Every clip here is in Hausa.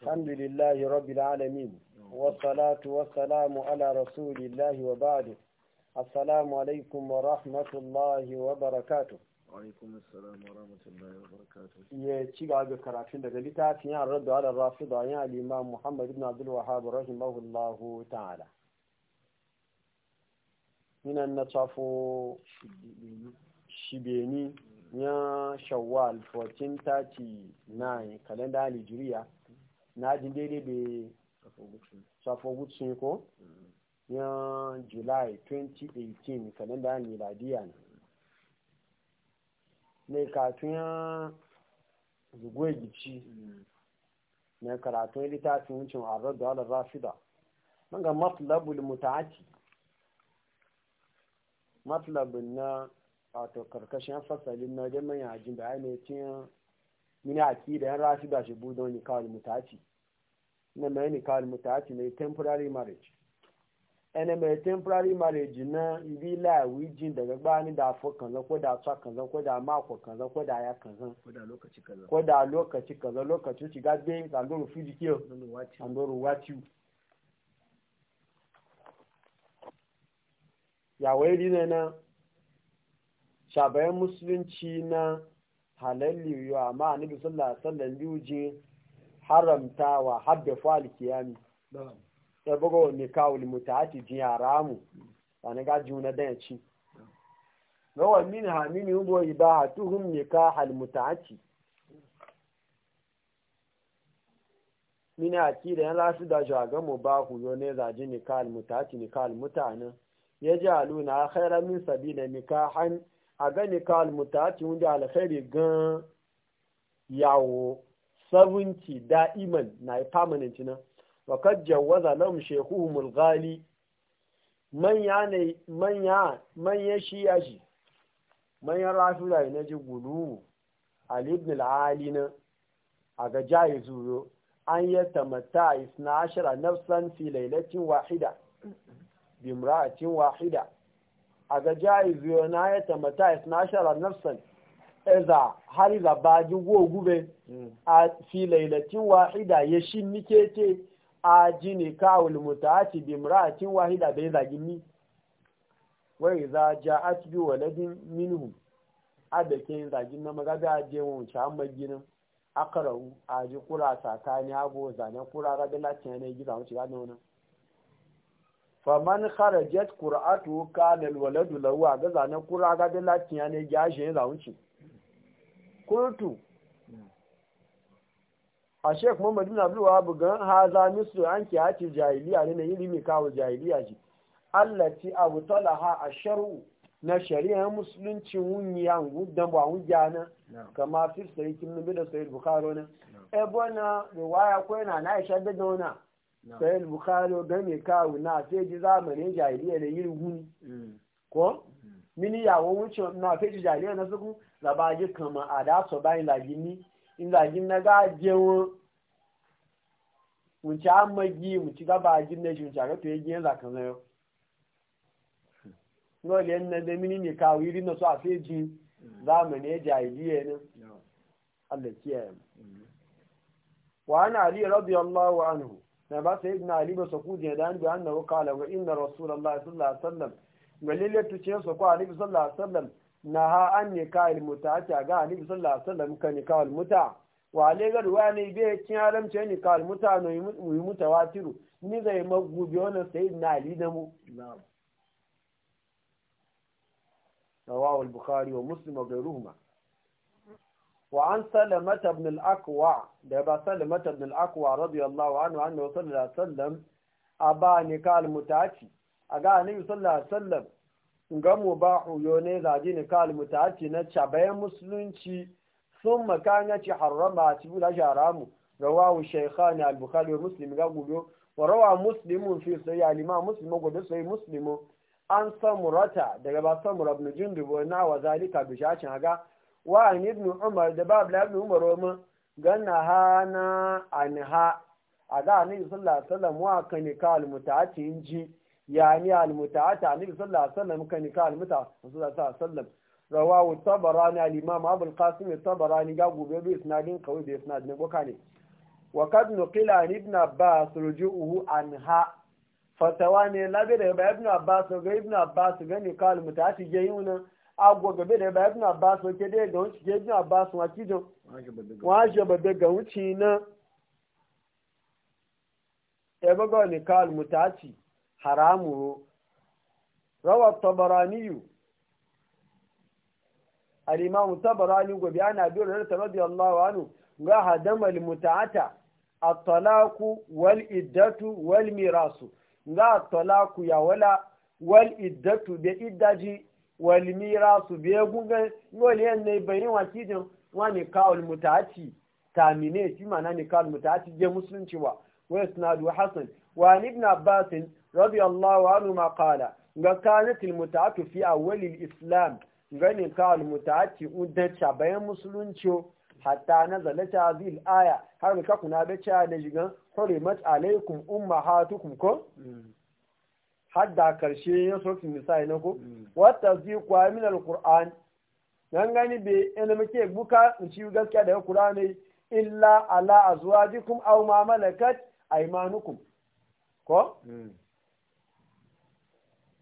الحمد لله رب العالمين والصلاة والسلام على رسول الله وبعد السلام عليكم ورحمة الله وبركاته وعليكم السلام ورحمة الله وبركاته يتشيق عبد الكرافين دقا لتاتي عن رد على الرافضة يعني الإمام محمد بن عبد الوهاب رحمه الله تعالى من النطف شبيني يا شوال 1439 كالندا الهجرية na ji daidai da safogutsun ko yan july 2018 kalenda miladiya ne mai katun yan zugoyi gici na karatun littafin a harar da wadda rafida manga matlabul mutaati matlabin na wato karkashin fasalin na jami'ajin ajin bayani cin mini aki da yan rashida shi budon nikawal mutaci na mai nikawal mutaci mai temporary marriage ẹni mai temporary marriage na ibi láìwí jin daga gba ni da fọ kanzan ko da tsa kanzan ko da mako kanzan ko da aya kanzan ko da lokaci kanzan lokacin shiga gbé zandoru fiji kiyo zandoru watiu yawai dina na shabayin musulunci na halalli yo amma annabi sallallahu alaihi wasallam yuje haramta wa hadda fal kiyami da bugo ne kawul mutaati ji haramu wani ga juna da ya no wa min ha min yubo ibahatuhum nikahal mutaati min aki da yan lasu da jaga mu ba ku yo ne zaji nikahal mutaati nikahal mutaana yaj'aluna khayran min sabila nikahan a gani ka almuta ci wunde alkhairi gan yawo 70 da'iman na yi permanent na wa kad jawaza lahum shaykhuhum alghali manya ne manya manya shi ya shi manya rasula ne ji gulu al ibn al-ali na a ga jayi zuyo an isna ashara nafsan fi laylatin wahida bi imra'atin wahida a ga jayizu na ya tamata isnashara nafsan hari har ba baji gogube hmm. a filailatin wahida ya shi nike ce a jini kawul mutaati bi imra'atin wahida bai zagi ni wa iza ja'at bi waladin Adake yin zagi na magabi a je mu sha maginin akarau a ji kura tsakani abu zane kura ga dalatin ne gida wuce ga faman kharajat qur'atu kana alwaladu lawa ga zanan qur'a ga da latiya ne ya shi ya wuce kultu a sheikh muhammadu bin abdul wahab gan haza misu an ki hati jahiliya ne ne ilimi kawo jahiliya ji allati talaha asharu na shari'a musulunci yangu gudan ba wun na kama fi sai kin bi da sahih bukhari ne e bona riwaya ko yana na aisha da dona sayil bukari ga mai kawo na feji zamanin jahiliya da yin guni mm. ko mm. mini yawon wuce na feji jahiliya na suku labaji kama a da so bayan lagini in lagin na gajewo wuce an magi wuce gabajin na shi wuce gato ya giyan zakan zayo mm. nole na da mini mai kawo iri na so a feji zamanin jahiliya ne Allah kiyaye mu wa ana ali radiyallahu anhu na ba sai ibn ali ba saku je da annabi annahu qala wa inna rasulullahi sallallahu alaihi wasallam galile tu ce saku ko annabi sallallahu alaihi wasallam ha an nikahil muta ta ga annabi sallallahu alaihi wasallam ka nikahil muta wa ale ga ruwa ne be kin alam ce nikahil muta no yi watiru ni zai magubi wannan sai ibn ali da mu wa muslim wa ghayruhuma وعن سلمة بن الأكوع ده سلمة بن الأكوع رضي الله عنه عنه صلى الله عليه وسلم أبا نكال متعشي أقا النبي صلى الله عليه وسلم na cabayan musulunci sun makanya ci harama a cibu da sharamu rawahu shaykhan al-bukhari wa muslim ga gudo wa rawa muslimun fi sahih al-imam muslim gobe sahih muslimu an samurata daga ba samura ibn jundub wa na wa zalika bi shacin haga wa an ibn umar da ba abla ibn umar wa ganna hana anha a da annabi sallallahu alaihi wasallam wa kan ka al mutaati inji yani al mutaati annabi sallallahu alaihi wasallam kan ka al mutaati sallallahu alaihi wasallam rawahu tabarani al imam abu al qasim tabarani ga gobe bi isnadin kawai da isnad ne boka ne wa kad nuqila an ibn abbas rujuhu anha fatawa ne labe da ibn abbas ga ibn abbas ga ni ka al mutaati jayuna agwa gabe da bayan suna ba su ke dai ga wuce ke jina ba su waki don wajen babbe ga wuce na ebe ga ne kawal mutaci haramu rawar tabaraniyu الإمام الطبراني وبيان أبي هريرة رضي الله عنه wal دم المتعة الطلاق والإدة والميراث قاها الطلاق يا ولا والإدة بإدة walmira su biye gunga yole yan ne bayin waki wa ne kawul mutaci tamine shi mana ne kawul mutaci je musulunci wa wa isnadu hasan wa ibn abbas radiyallahu anhu ma qala ga kanat al fi awwal islam gani kawul mutaci udan cha bayan musulunci hatta nazalata ta zi aya har ka kuna bace da jigan hurimat alaikum ummahatukum ko mm. hadda karshe ya sofi misali na ko wata zai kwa min alquran nan gani be ina muke buka in ci gaskiya daga qur'ani illa ala azwajikum aw ma malakat aymanukum ko hmm.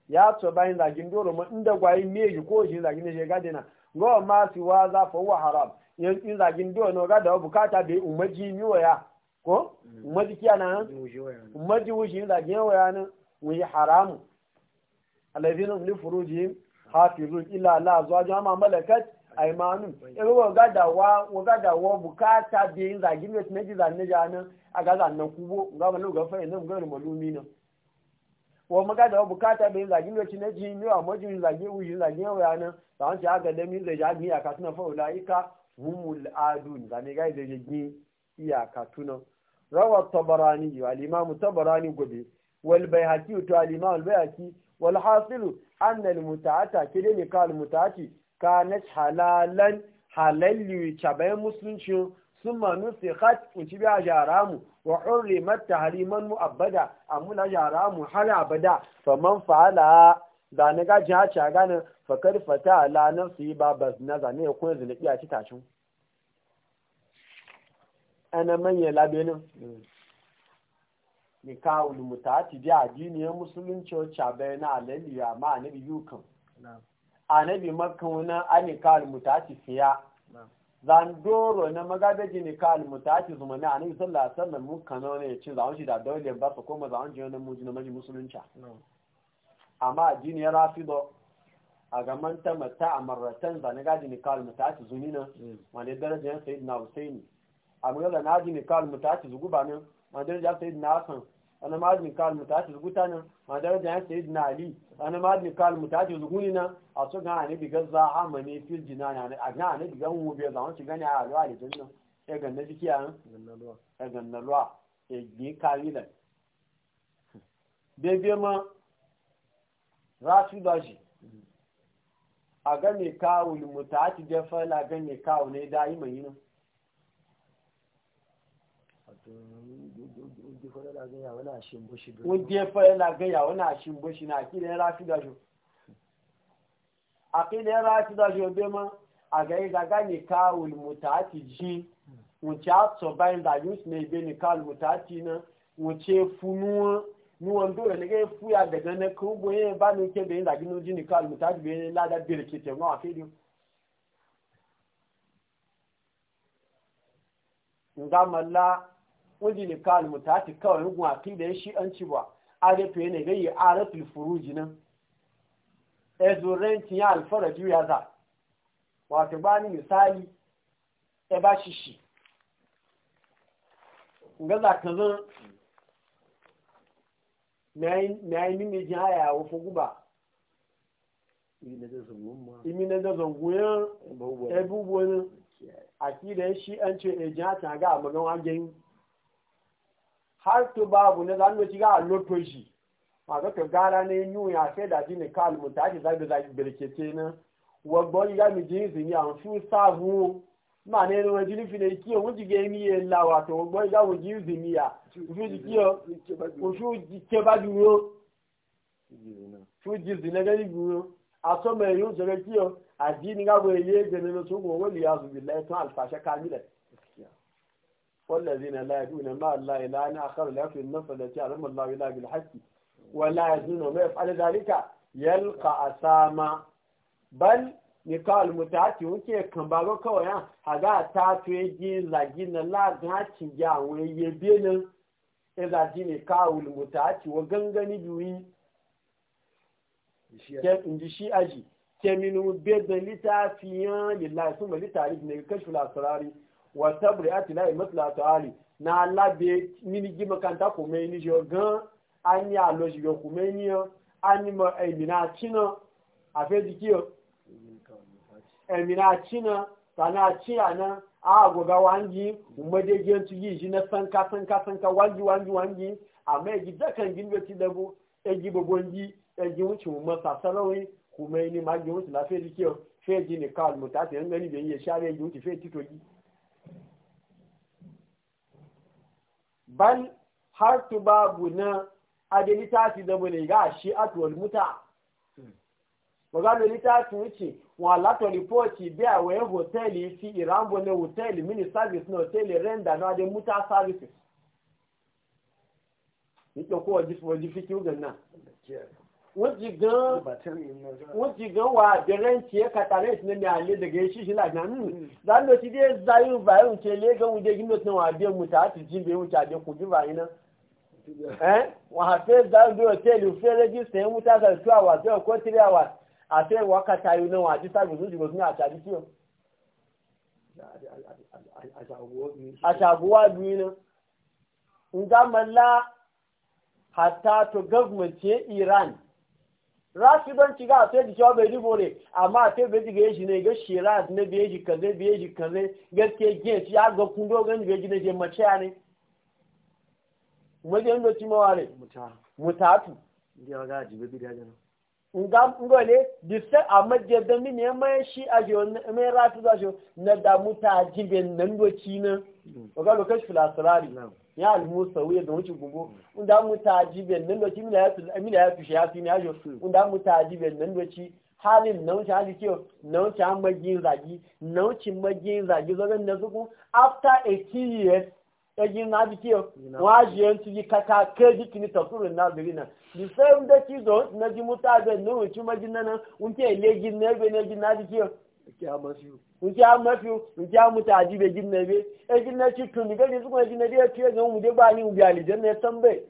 ya to bayin zagin dole mu inda me meji ko shi zagin shi ga dina go ma si wa za fa wa haram yan in da gindo no ga da bukata be umaji miwaya ko hmm. umaji kiyana umaji wushi zagin waya nan wuyi haramu alladhina li furujihim hafizun illa ala azwajihim ma malakat aymanun ero waga da wa waga da wa bukata bi yin zagi ne ne ji zanne janan aga zannan kubo ga mun ga fa nan ga malumi nan wa maga da wa bukata bi yin zagi ne ne ji ni wa majin yi wuyi zagi wa nan dan ci aga da min zai jagi ya ka tuna fa ulaika humul adun zane ga zai jagi iya ka tuna rawa tabarani wa al-imam tabarani gobe والبيهقي وتعليمه البيهقي والحاصل أن المتعتة كده نقال المتعتة كانت حلالا حلال يتبعي مسلم شو ثم نسخت وتبع جارامه وحرمت تحريما مؤبدا أمونا جارامه حل أبدا فمن فعل da na gaji haci a ganin fakar fata ala nan su yi babas na zane ya kuna nikahul mutati bi ya musulunci wacce bai na alaliya ma anabi yukan anabi makan na anikahul mutati fiya zandoro na magadaji nikahul ti zuma na anabi sallah alaihi mu kano ne ci zawon shi da dole ba su koma zawon jiyo na muji na maji musulunci amma adini ya do a gaman ta mata a marratan zane gaji nikahul mutati zunina wani darajar na mm. husaini a da na aji nikahul mutati zuguba ne ma daraja na Hassan ana majin kal mutaci zuguta nan ma daraja ya sayyidina Ali ana majin kal mutaci zuguni nan a so ga ne diga za a mane fil jinana ne a ga ne diga mu be za mu ci gani a ruwa ne dinnan e ga jiki an e ga ruwa e gi kali da bebe ma rasu da shi a ga me kawo mutaci da fala ga me kawo ne da yi mai nan wọ́n díẹ̀ fẹ́ lágẹ́yàwó náà ṣe ń bó ṣe náà kí lè rá sí dájú àkílẹ̀ rá sí dájú ọdẹ́ mọ́ àgẹ́gàgá nìka olùmọ̀tà ti jí wọ́n ti àtọ̀ báyìí dájú sí ẹgbẹ́ nìka olùmọ̀tà ti iná wọ́n ti fún wọn ní wọn bẹ̀rẹ̀ nígbẹ́ fún àdẹ̀gán náà kí wọ́n wanda ne kawai mutati kawai hukun haƙi da ya shi an ci ba a da fiye ne gayi a rafin furuji nan ezorentin ya alfara juya za wata ba ni misali ya e ba shi shi ga ka zan na yi mini jin haya a wafi guba imi na da zangoyen abubuwan a ki da ya shi an ce ejiyar ta ga a magan wajen har to babu na zanuwa shiga a loto shi ma ga to gara ne yi ya sai da jini kal mutu ake zai da birkete na wagbon ya mi jini zini a su sabu ma ne ruwan jini fi ne kiyo wuji ji mi ye la wa to wagbon ya wuji zini ya su ji kiyo su ji ke ba duro su ji zini ga ni duro a so me yun so ga kiyo a jini ga bo ye je ne so ko wali ya zu billahi to alfasha kamila والذين لا يدون يدعون مع الله إلها آخر لا في النفس التي علم الله إلا بالحق ولا يزنون ما يفعل ذلك يلقى أساما بل نقال متعتي وكي كمبارو كويا هذا تاتوي جين لجين لا تاتي جا ويبين إذا جين كاو متعتي وغنغني بيوي inji أجي aji keminu bedan littafiyan lillahi sun ba littafi ne wa sabri ati na masla to ali na labe mini gima kanta ko me ni jo gan ani alo ji yo ko me ni ani mo e mi na china afe di ki o e mi na china na chi ana a go ga wangi umade gen tu yi na sanka sanka sanka wangi wangi wangi amma ji da kan gin beti da bu e ji bo bonji e ji wuci mu masa sarawi ko me ni ma ji wuci na fe di ki o fe ji ni kal mutati en gani be yi share ji wuci fe ti to ji bal har babu na adali tafi da bane ga shi atwal muta magana hmm. litafi wuce wa lato ripoti bi wayan hoteli fi irambo na hoteli mini service na hoteli renda na adali muta services nito kowa jifi wajifi kiwugan nan wọ́n gan wà bẹ̀rẹ̀ ń tiẹ́ kàtàlẹ́ ìsinmi ní alẹ́ dẹ̀gẹ̀ ṣíṣe làjá nù lálọ́ ti dé zayu bayu ṣe lé gan wùdé yìí lọ́tàn wà bí mu tàà ti jíbe wùdé àjẹ kò bí báyìí ná. wọ́n á fẹ́ zayu bí hòtẹ́ẹ̀lì fẹ́ rẹ́gísítà ń wúta sàrì two hours bẹ́ẹ̀ kọ́ three hours àfẹ́ wákàtà yìí náà àti sábì lójú ìgbòsí ní àṣà àdìsí ọ. àṣà àbúwá bí iná. nga malla hatta to gwamnati Iran rashidanci ga sai da cewa bai ribo ne amma sai bai diga yaji ne ga shira na biye ji kaze biye ji kaze gaske ke shi ya ga kundo, dogon biye ji ne je mace ne wajen da ci ne? mutatu ya ga ji bai da jana nga ngole disse amma je da min ne mai shi a je mai rasu da shi na da mutajin ben nan doci na mm. ga lokaci filasrari ya almusa wuya da wucin gugu inda mutaji ben nan doci mina ya su amina ya fi ya fi ya jo inda hmm. mutaji ben nan doci halin na wuce hali kiyo na wuce an magin zagi na wuce magin zagi zoron da zuku after 18 years egin na bi kiyo wa ji en tu kaka ke ji kini tafuru na biri na the sai day ki zo na ji mutaji ben nan wuce magin nan unke legin na be na ji na bi kiyo nke a mafi nke a mutu a jibe jin nabe e jin na ci tuni gani su kuma jin na biya fiye ga mu je ba ni ubi alijan bai mutu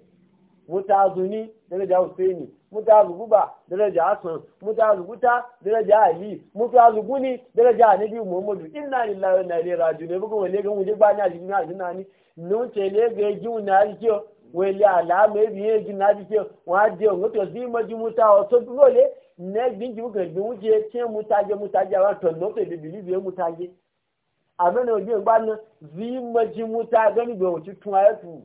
muta zuni daraja husaini muta zuguba daraja mutu muta zuguta daraja ali muta zuguni daraja anabi muhammadu inna lillahi wa inna ilaihi rajiun bugu wani ga mu je ba ni alijan na alijan ni nun ce le ga ji na alijo wele ala me biye ji na alijo wa je ngoto zi maji muta o so dole ne gbinji muka gbin wuce ce mutaje mutaje wa to no te bibili bi mutaje amma ne obi gba na zi maji muta gani bi wuce tun ayatu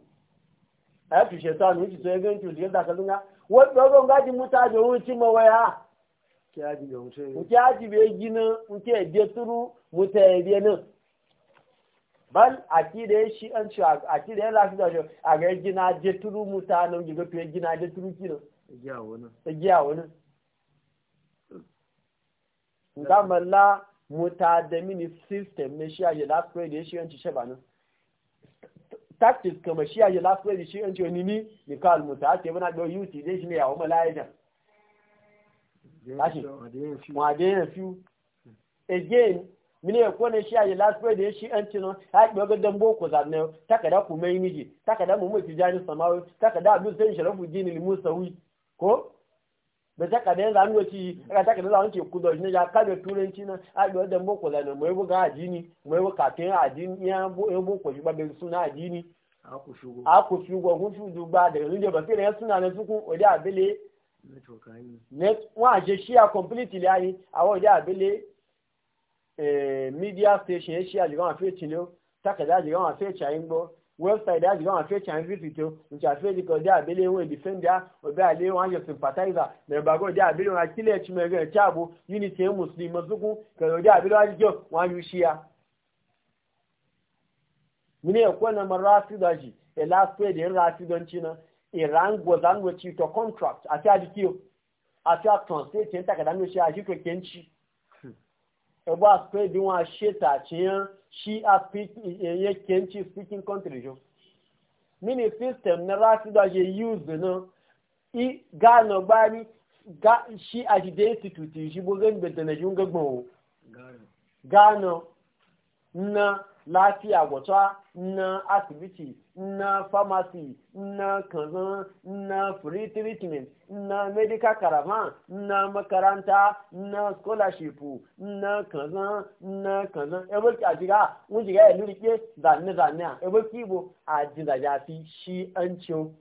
ayatu shaitan wuce to gani to da ka dunga wo dogo ngaji mutaje wuce ma waya kiaji bi wuce gina nke de turu muta bi na bal akide shi an ya lafi da a ga gina je turu muta nan gina je turu kina wani nga malla mutadamini system ne shi ya last grade shi yanci sheba nan tactics kama shi ya last grade shi yanci wani ni ni kal muta te bana yi yuti dai shi ne ya umma laida e kashi wa dai na few again mini ya kone shi ya last grade shi yanci no ha ki ga dan boko za ne takada ku mai miji takada mu mu ni samawi takada abdul sai sharafu dinin musawi ko da ta kadan za mu ci ka ta kadan za mu ci ku da ne ya ka da turanci na a da da boko da mai bu ga ajini mai bu ka ajini ya bu ya ba da suna ajini a ku shugo a ku shugo ba da ne ba sai da suna na suku da abele ne wa je shi a completely ayi a o da abele eh, media station shi a liwan fe chilo ta kadan liwan fe chayin gbo website da jigan afe chan visit yo nti afe di ko dia bele we defender o be ale wan yo sympathizer me ba go dia bele wan kile chi me ge chabu unity muslim mazugu ko dia bele wan jo wan yu shia mine ko na marasi da ji e last pay de rasi don china iran go dan we to contract ati adikiyo ati a translate en ta ka dan kenchi ẹgbọ́ àpẹ́ ase wọ́n ṣètà tí yẹn ṣí ẹyẹ speaking country jọ. mini system na rasidu ṣe use na i gánà bá ga ṣí àṣìdé institute ìṣíbó gẹ́gbẹ̀tẹ̀lẹ̀ ṣúgbẹ́gbọ̀n o gánà na lafiya gwata na asibiti na pharmacy na kanzan na free treatment na medical caravan na makaranta na scholarship na kanzan na kanzan. ebe ki ajiga wun jiga ya e luri ke zane zane a ebe ki bo a jizaja fi shi an ciyo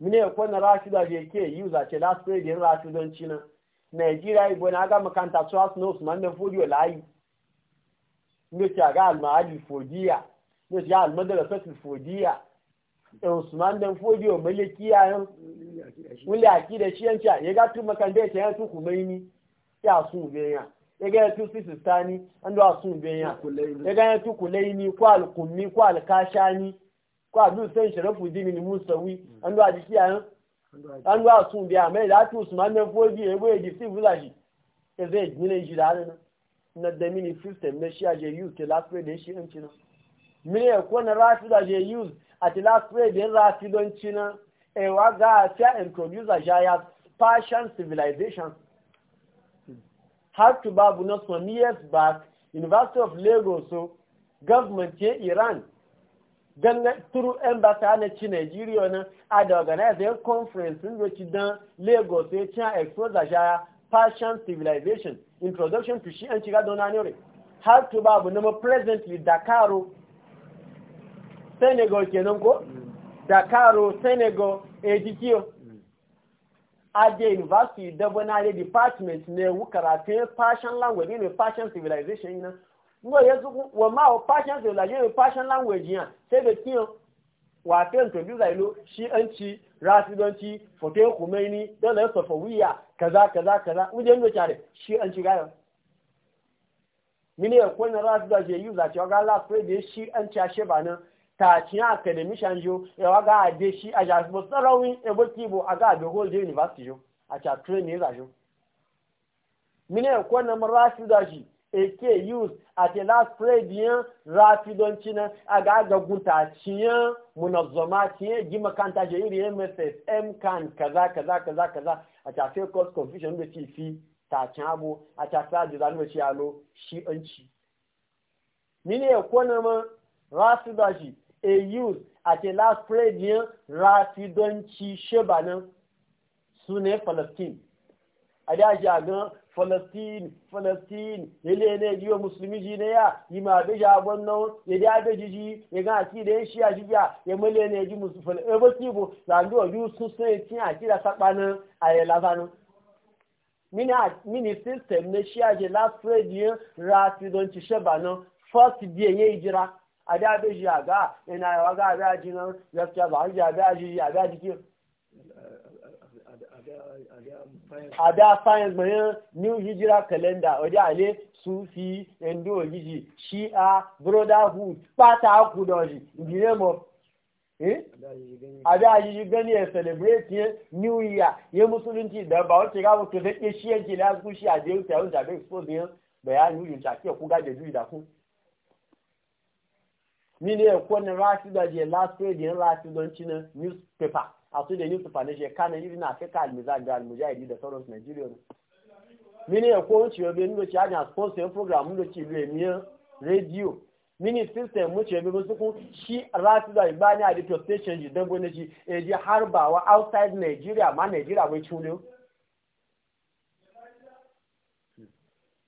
mine kwanan rashi da ke yi zace last grade yin rashi don cinan Nigeria ibo e na aga makanta tuwa snows man da fujiyo layi a ga almahali fodiya nake ga almadrasatul fodiya Usman dan fodiyo malikiya yan wuli aki da shi yanci ya ga tu makanda ya yan tu kumaini ya su benya ya ga tu sistani an da su benya ya ga tu kulaini ko alkummi ko alkashani ko abdul san sharafu dinin musawi an da jiki yan an da su biya mai da tu Usman dan fodiyo ya boye di sivulaji ya zai gine shi da na da mini system na shi aje use ta last da shi an cina mini kuwa na rafi da je use at last grade da rafi don cina e wa ga fiya introduce aja ya passion civilization har to babu na some years back university of lagos so government ya iran gangan turu embassy na ci nigeria na a da organize a conference in roci don lagos ya ci expose ya passion civilization introduction to shi an shiga don anure har to babu nama presently dakaro senegal kenan ko dakaro senegal ejikiyo ade university dabana ne department ne wukarate fashion language ne fashion civilization na ngo yesu wa ma o fashion civilization fashion language ya sai da kiyo wa ta introduce ilo shi anci rasidonci fote kumeni dole sofawiya kaza kaza kaza wajen ndo chare shi an shiga yau mini ya rasu da je yi cewa ga Allah sai da shi an cashe ba nan ta cinya academy shanjo ya waga ade shi a ja bo sarawi a bo kibo aga be whole university jo a cha train ne za jo mini ya rasu da shi eke use ati na spray biyan rafidon cinan a ga aga guta ciyan munazzama ciyan ji kanta je iri mss mcan kaza kaza kaza kaza a tafiya cause confusion da ci fi ta tacin abu a tafiya jiza nuna ci alo shi an ci mini ya e kone ma rafidon shi a use ati na spray biyan rafidon ci shebanin su ne palestine a da shi a gan falastin falastin yele ne musulmi ji ne ya yi ma be ja da jiji ga ki shi a jiya ye mele ne ji e bo la ndo ju su se ti a ti da sapana aye la sanu mini mini system ne shi a je last radio ra ti don ti no first ye a da ina ya ga ga ji no ya ti ba ji ji ki a da science mai new hijira calendar wajen ale sufi endo ogiji shi'a brotherhood pata aku da oji in mo eh a da ajiji gani A celebrate ya new year ya musulunci da ba wace ga mutu da ke shiyan ki na su shi a je ta yau da bai expose ya bayani yin ta ke ku ga da juyi da ku mini ya ko ne rasi da je last page yin rasi don cinan newspaper a su da yusuf a na shekara yi na afirka almizan da almujahidi da sauransu nigeria ne mini ya ko wuce yobe nuna ci ajiyar sponsor program nuna ci remiyan radio mini system wuce yobe musu kun shi rasu da ibani a dito station ji don gwamnati e ji harbawa outside nigeria ma nigeria wai culo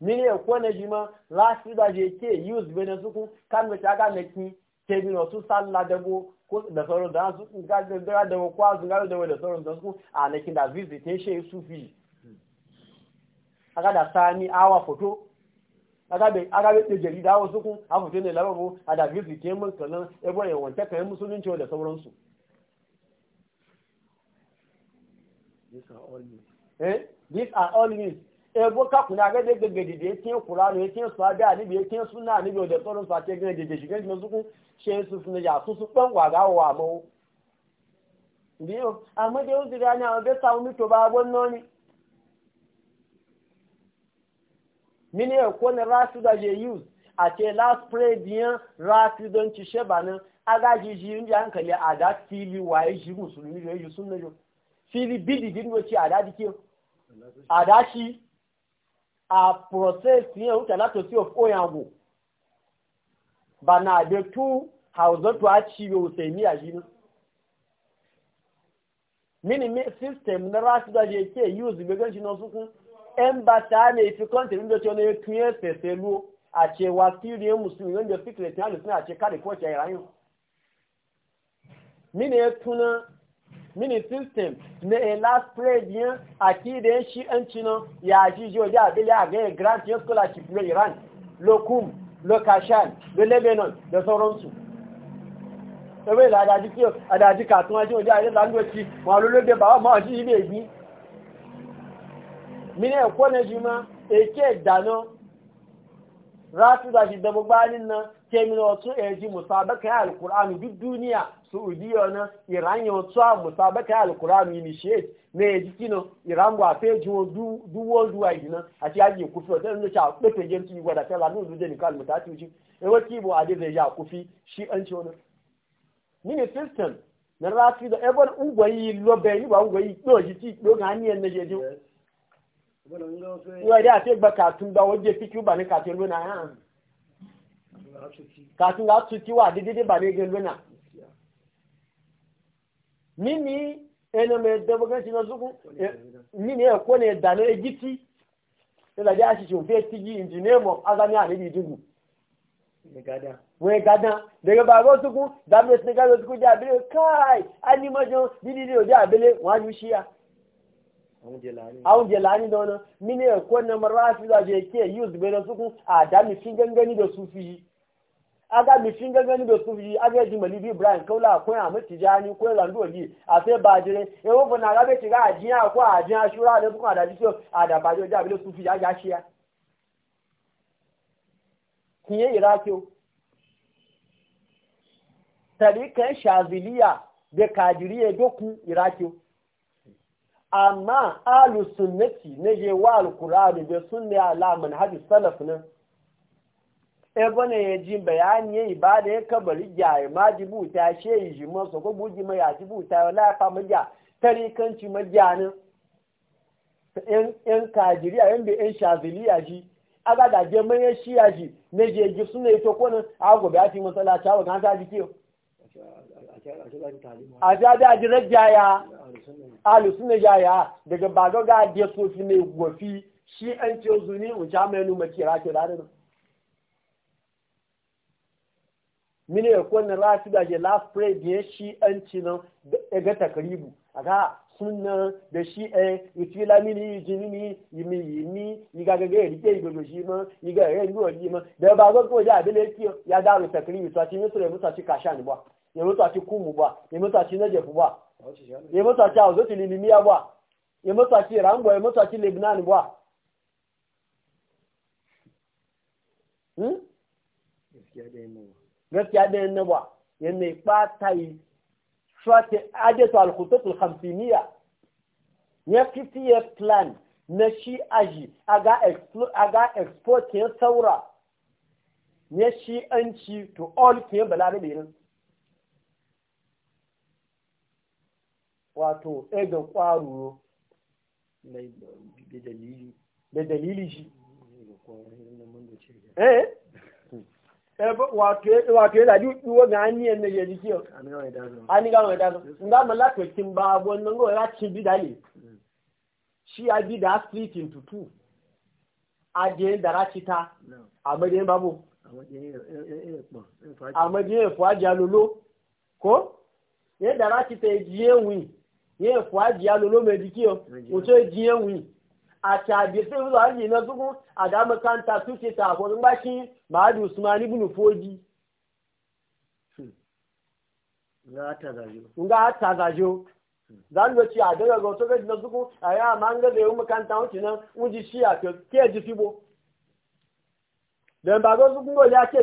mini ya ko na ji ma rasu da je ke use bene su kun kan wuce aga na ki tebi na su san ladabo ko da sauran da su ga da da kwa su da da sauran da su a lakin da visitation sufi aga da sani awa foto aga be aga jarida wasu kun a foto ne a da visitation kanan e musulunci da sauransu are all news. ebo kakun na gẹ́gẹ́ gẹ́gẹ́ dìde tí ń kùránù tí ń sọ abẹ́ àníbi tí ń súnà níbi òdẹ̀ tọ́rọ sọ àti da dìde da su sókún ṣe su suna ya su su ɗan waga wa mawu biyu amma da yau zira ne a bai samu mito ba gwanno ne mini ya kone rasu da je use a ce last pray biyan rasu don ci she ba nan agaji ji yin ji hankali a da fili waye ji musulmi da yi sun najo fili bidi gido ci a da dike a da a process yin hutala to see of oyango ba na da tu hauzatu a cibe usaimi a jini mini system na rasu da je ke use be ganci na sukun en ba ta ne fi kontin da ce ne tuye sese lu a ce wa siriyan musulmi wanda secret ya lusuna a ce kare ko ce rayu mini ya tuna mini system na a e last spread yin a kidan shi an cinan ya ji jiwa da abili a ga grant yin scholarship na iran lokum lokashan da lebanon da sauransu ẹgbẹ́ ìlà àdájí kí àdájí kàtún ajé òjá ilé lálúwẹ̀tí wọn olólógbé bàbá máa sí ilé ìgbí mílẹ̀ ẹ̀kọ́ nẹ́júmọ́ èké ìdáná rátúdà sí dẹgbogbo nínú kẹmínà ọ̀tún ẹ̀jì mùsàbẹ́kẹ́ alkùránù bí dúníà saudiya na iran yawon tsawa musabaka alkuranu initiate na ya jiki na iran gwa fe jiwo duwo duwa yi na a ti kufi wata yanzu ta ɗafe jen su yi gwada fela nun zuje ni kalmu ta tuci ya kufi shi an ce wani system na rafi da ebon ungwayi lobe yi ba ungwayi yi ji ti ɗo ga hanyar na jeji katun da waje fiki ba ni katun luna ya katun ga tuki wa daidai ba ne gan luna mini ene me dabo kan sina zuku mini e, e ko ne da ne giti e la ja si o fe ti gi engineer mo aga bi dugu ne gada we gada de ba go tuku da me se ga go tuku ja bi kai ani mo jo di di o ja bele wa ju shia awon je lani da wani mini e ko na marwa fi da je ke use bele suku a da mi fi gangani da sufi aga mishin gangan da su yi aga ji malibi ibrahim kaula ko ya mutu jani ko ya landu ji a sai ba jire e wo funa ga be tiga ajiya ko ajiya shura da kuma da jiso a da ba jo da bi su fi ya gashi ya kiye irakiyo tarikan shaziliya da kadiriya doku e irakiyo amma alusunnati na je wa alkur'ani da sunna ala manhaj salaf nan ebone ya ji bayani ya ibada ya kabari gyaye ma jibuta she yi ji masa ko buji ma ya jibuta wala ya fama gya tarikanci majanin yan kajiriya yan da yan shaziliya shi aga da je mai shi ya ji ne je ji suna yi to na a gobe a ti matsala ta wa ganta ji kiyo a ja da ji rajaya alu suna jaya daga bago ga je sofi ne gofi shi an ce zuni mu ja nu numa kira kira da mini ya kone rafi da ke last pray biyan shi an ci nan ga takaribu a ga suna da shi eh, a itila mini yi ji mini yi mi yi mi yi ga gaga ya rike yi gogo shi ma yi ga ya yi wani ma da ba ga kuma ja abin da yake ya daru takaribu to a ci musu da a ci kasha ni ba ya musu a ci kumu ba ya musu a ci najefu ba ya musu a ci hauzo ci lilimiya ba ya musu a ci rambo ya musu a ci lebanon ba hmm? gaskiya da yamma gaskiya da yan nawa yan ba ta yi strate ajetu alkhutatul hamsiniya ya fifty plan na shi aji a ga export ke saura ne shi an ci to all ke balarabe ne wato ega kwaro da dalili shi eh wato yana ji ɗuwa ga hanyar na yaji kiyo an gama ya dazo in ga mu latokin ba wannan gowa ya ci bida ne hmm. shi ya bida split into two a jiyan da racita a madiyan babu a madiyan fuwa jalolo ko yadda racita ya e jiyan wi yin fuwa jalolo mai jikiyo wuce jiyan wi àti àdìsí ìlú àjì na tó a àdámọ́káńtà tó ṣe tààfọ́ tó ń bá kí màádù usman ibùnú fòójì. nga tàzàjò zanwe ci a ẹ̀gbọ́n tó fẹ́ẹ́ tó kún àyà máa ń gẹ́gẹ́ ìwé mọ́káńtà ó ti ná ń jí sí àti kí ẹ̀ ti fi bó. dẹ̀mbà tó kún lóye àti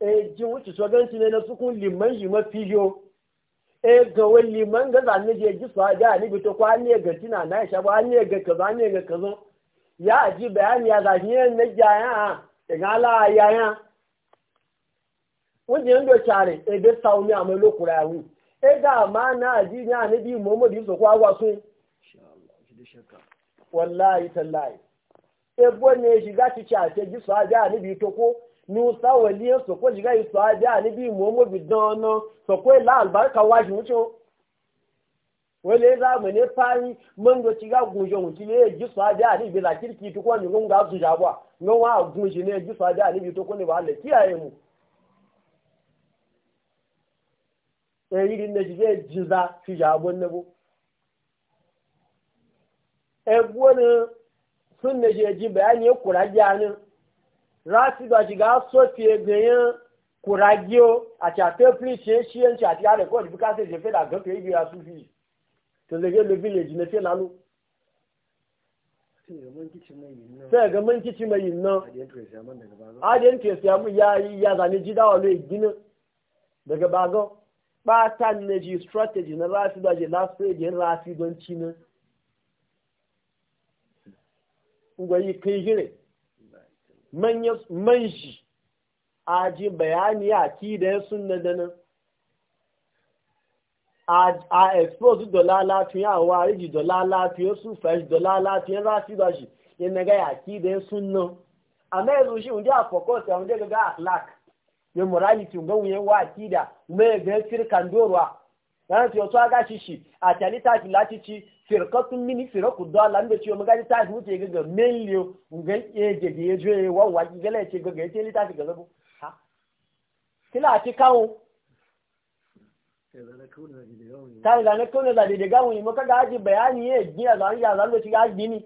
e eh, jin wuce shugabanci ne na sukun liman yi mafi yo e ga wa liman ga zane je ji su haja ni bito ko kwa ne ga tina na sha ba ne ga kaza ne ga kazo ya ji bayani ya zashi ne na jaya e ga ala yaya wanda yando chare e eh, be saumi a mai lokura ya wu e ga ma na ji ni anabi muhammad yusuf kwa kwa sun wallahi tallahi e bo ne shiga ci ci a ce ji su haja ni ta ko ni usa wali yan soko jiga iso aje ani bi muhammadu dan na soko ila albarka waju mucho wele za mu ne fani mun go tiga gunjo mu tiye ji so aje ani bi la kirki to ko ni gonga su jabwa ngon wa gunji ne ji so aje ani bi to ko ne ba le kiyaye mu e yiri ne jige jiza fi jabon ne bo e sun ne je ji bayani ko rajiya ne láti gbàjìgá sófì ẹgbẹ̀yẹn kòragíó àti àtẹ́pìlì ṣe é ṣí ẹ̀ǹtì àti àrẹ̀kọ́ ìdìbò káṣẹ̀ ṣe fẹ́ dàgbọ́n kì í gbé fi tòlẹ́gẹ́ ló bí lè jìnnà fẹ́ lálú. fẹ́ẹ̀gẹ́ mọ́ nkìtì mọ́ yìí ná adé ntẹ̀sí àmú ya yàtà ní jídá ọ̀lọ́ ìgbínà dẹ̀gẹ̀ bá gọ́ pátá nìyẹn strategy náà láti gbàjẹ́ last page ẹ̀ láti gbọ́n tí náà. ngwẹ̀yìn kì yìí rẹ̀. man shi a ji bayani a ki da na sunna da nan a expose dola lafiya a wariji dola lafiya su fashi dola lafiya rafi da shi yin na gaya ki da ya sunna a mai zushi wunde a focus ya wunde ga akhlaq ya morality ga wuyen wa akida mai ga firkan dorwa yana tiyo to aga shi shi a talita filatici firkatun mini firaku dala da ciwo magaji ta fi wuce gaga miliyo ga eje da ya je ya wawa ki gala ce gaga ya ce ni ta fi gaza bu ha kila ci kawo ta da na kauna da da gawo ne maka gaji bayani ya ji a zan ya zan da ci gaji ni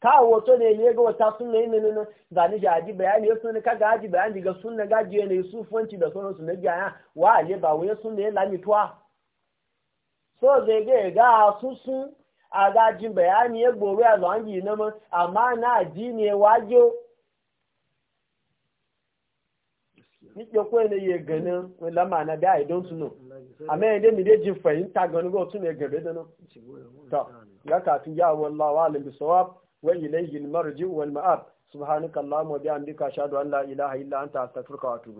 kawo to ne ne ga wata sunna ne ne ne da ni gaji bayani ya sunna ka gaji bayani ga sunna gaji ne sufanci da sauransu na gaya wa ne ba wai sunna ya lami tuwa so zai ga ga susun a gajin bayani ya gobe a zuwan yi na ma amma na ji ne wajo Nike kawai na iya ganin lama na biya idon su no. Amma yadda mi dai jin fahimta ta ga otu ne gabe da nan. Ta, ya kafin ya wallah wa alim bisawab wa ilayhi al-marji wal ma'ab subhanaka allahumma bihamdika ashhadu an la ilaha illa anta astaghfiruka wa atubu